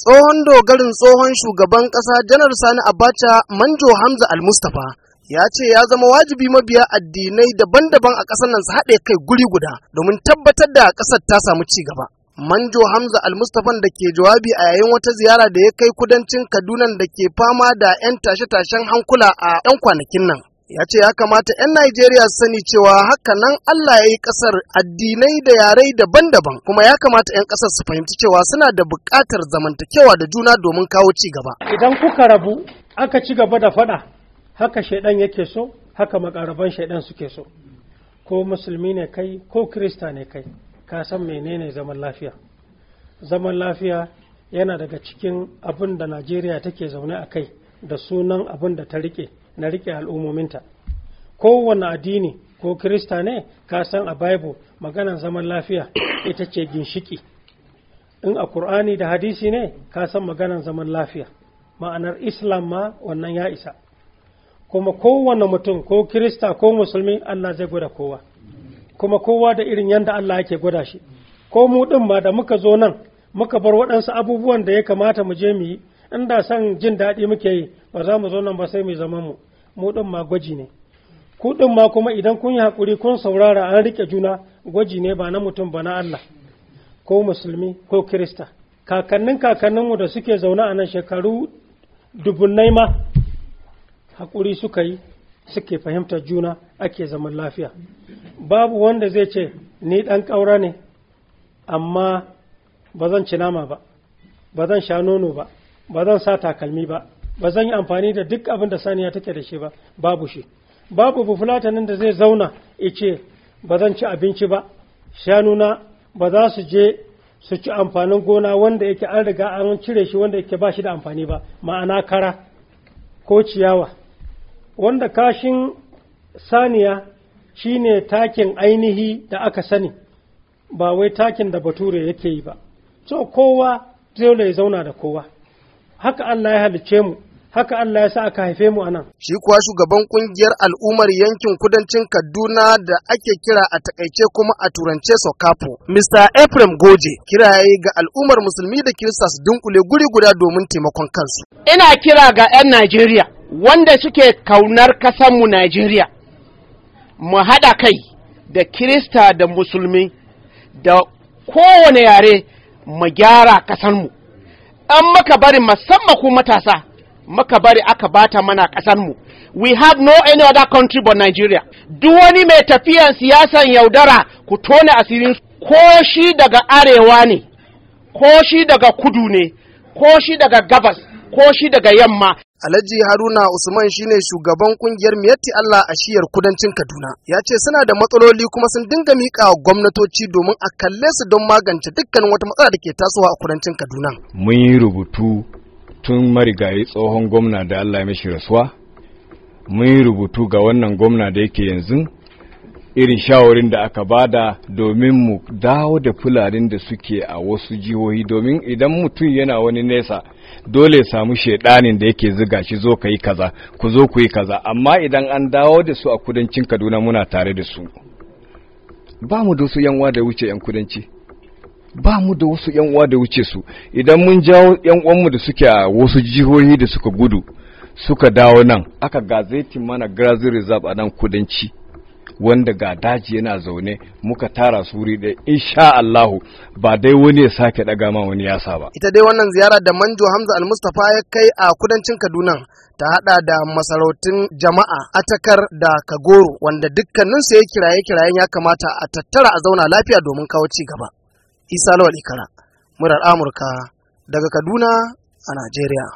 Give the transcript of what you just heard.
tsohon dogarin tsohon shugaban ƙasa janar sani abacha manjo hamza AlMustapha, ya ce ya zama wajibi mabiya addinai daban-daban a ƙasar nan su haɗe kai guri guda domin tabbatar da ƙasar ta samu ci gaba manjo hamza AlMustapha da ke jawabi a yayin wata ziyara da ya kai kudancin kaduna da ke fama da 'yan tashe-tashen hankula a 'yan kwanakin nan ya ce ya kamata 'yan Najeriya su sani cewa haka nan Allah ya yi ƙasar addinai da yarai daban-daban kuma ya kamata 'yan ƙasar su fahimci cewa suna da buƙatar zamantakewa da juna domin kawo ci gaba. Idan kuka rabu aka ci gaba da faɗa haka shaidan yake so haka makaraban shaidan suke so ko musulmi ne kai ko krista ne kai ka san menene zaman lafiya zaman lafiya yana daga cikin abin da Najeriya take zaune a kai. da sunan abin da ta rike na rike al'ummominta kowane addini ko kirista ne ka san a bible maganar zaman lafiya ita ce ginshiki in a Kur'ani da hadisi ne ka san magana zaman lafiya ma'anar islam ma wannan ya isa kuma kowane mutum ko kirista ko musulmi allah zai gwada kowa kuma kowa da irin yadda allah yake gwada shi ko mu ɗin ma da muka zo nan muka bar waɗansu abubuwan da ya kamata mu je mu yi inda son jin daɗi muke yi ba za mu zo nan ba sai mu zama mu mu ɗin ma gwaji ne ku ɗin ma kuma idan kun yi hakuri kun saurara an rike juna gwaji ne ba na mutum ba na Allah ko musulmi ko kirista kakannin kakannin mu da suke zaune a nan shekaru dubunnai ma haƙuri suka yi suke fahimtar juna ake zaman lafiya babu wanda zai ce ni ɗan ƙaura ne amma ba zan ci nama ba ba zan sha nono ba ba zan sa takalmi ba ba zan yi amfani da duk abin da saniya take da shi ba babu shi babu bufulatanin da zai zauna ya ce ba zan ci abinci ba shanuna ba za su je su ci amfanin gona wanda yake an riga an cire shi wanda yake ba shi da amfani ba ma'ana kara ko ciyawa wanda kashin saniya shine takin ainihi da aka sani ba wai takin da bature yake yi ba to kowa dole ya zauna da kowa haka Allah ya halicce mu haka Allah ya sa aka haife mu anan. Shi kuwa shugaban ƙungiyar al'ummar yankin kudancin Kaduna da ake kira a takaice kuma a turance Sokapo. Mr. Ephraim Goje kiraye ga al'ummar musulmi da Kirista su dunkule guri guda domin taimakon kansu. Ina kira ga 'yan Najeriya wanda suke kaunar kasanmu Najeriya. Mu haɗa kai da Kirista da Musulmi da kowane yare mu gyara kasanmu. an maka bari musamman ku matasa maka bari aka bata mana ƙasar mu we have no any other country but Nigeria duk wani mai tafiyan siyasan yaudara ku tone asirin ko shi daga arewa ne ko shi daga kudu ne ko shi daga gabas ko shi daga yamma Alhaji Haruna Usman shine shugaban kungiyar Miyatti Allah a shiyar kudancin Kaduna. Ya ce suna da matsaloli kuma sun dinga mika wa gwamnatoci domin a kalle su don magance dukkanin wata matsala da ke tasowa a kudancin Kaduna. Mun yi rubutu tun marigayi tsohon gwamna da Allah ya mishi rasuwa. Mun yi rubutu ga wannan gwamna da yake yanzu irin shawarin da aka bada domin mu dawo da fularin da suke a wasu jihohi domin idan mutum yana wani nesa dole ya samu shaidanin da yake ziga shi zo ka yi kaza ku zo ku yi kaza amma idan an dawo da su a kudancin kaduna muna tare da su ba mu da wasu yanwa da wuce yan kudanci ba mu da wasu yanwa da wuce su idan mun jawo yan uwanmu da suke a wasu jihohi da suka gudu suka dawo nan aka gazetin mana grazin reserve a nan kudanci wanda ga daji yana zaune muka tara su wuri ɗaya insha Allahu ba dai wani ya sake ɗaga ma wani yasa ba ita dai wannan ziyara da manjo Hamza Al-Mustafa ya kai a kudancin Kaduna ta hada da masarautun jama'a atakar da kagoro wanda dukkaninsu ya kiraye kirayen ya kamata a tattara a zauna lafiya domin kawo ci gaba isa lawal ikara murar amurka daga kaduna a najeriya